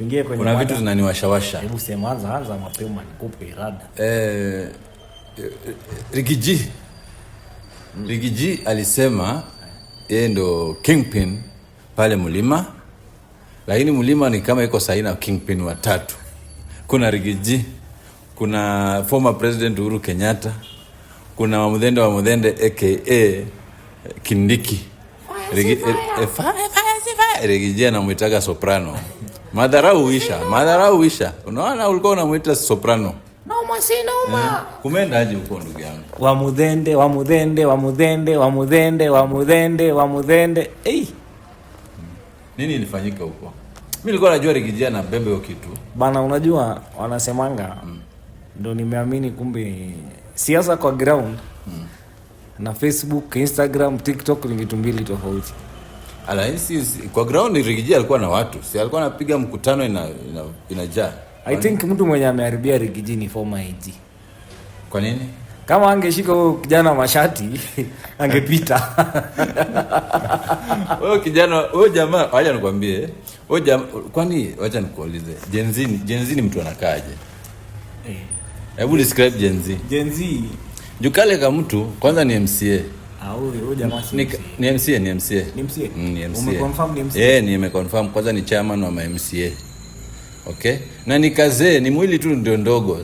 Tuingie kwenye kuna vitu zinaniwashawasha. Hebu sema anza anza mapema nikupe irada. Eh, Rigiji eh, eh, Rigiji alisema yeye ndo kingpin pale mlima, lakini mlima ni kama iko na kingpin watatu. Kuna Rigiji, kuna former president Uhuru Kenyatta, kuna Wamudhende wa Mudhende aka eh, Kindiki. Rigiji anamwitaga soprano madharau huisha, madharau huisha. Unaona, ulikuwa unamwita soprano eh, Kumendaje huko ndugu yangu? Wamudhende, wamudhende, wamudhende, wamudhende, wamudhende, wamudhende. hey. Nini ilifanyika huko? mi nilikuwa najua likijia na bebe kitu. Bana, unajua wanasemanga mm. ndo mm. nimeamini kumbe siasa kwa ground mm. na Facebook, Instagram, TikTok ni vitu mbili tofauti. Alainsi kwa ground Rigiji alikuwa na watu, si alikuwa anapiga mkutano ina, ina, inajaa. I think mtu mwenye ameharibia Rigiji ni former IG. Kwa nini? Kama angeshika huyo kijana mashati angepita. Huyo kijana, huyo jamaa, wacha nikwambie. Huyo jamaa, kwani wacha nikuulize. Gen Z, Gen Z ni mtu anakaaje? Eh. Hebu describe Gen Z. Gen Z. Jukale kama mtu kwanza ni MCA ni ni mm, eh, nimeconfirm kwanza ni chairman wa mamca okay na ni kazee ni mwili tu ndio ndogo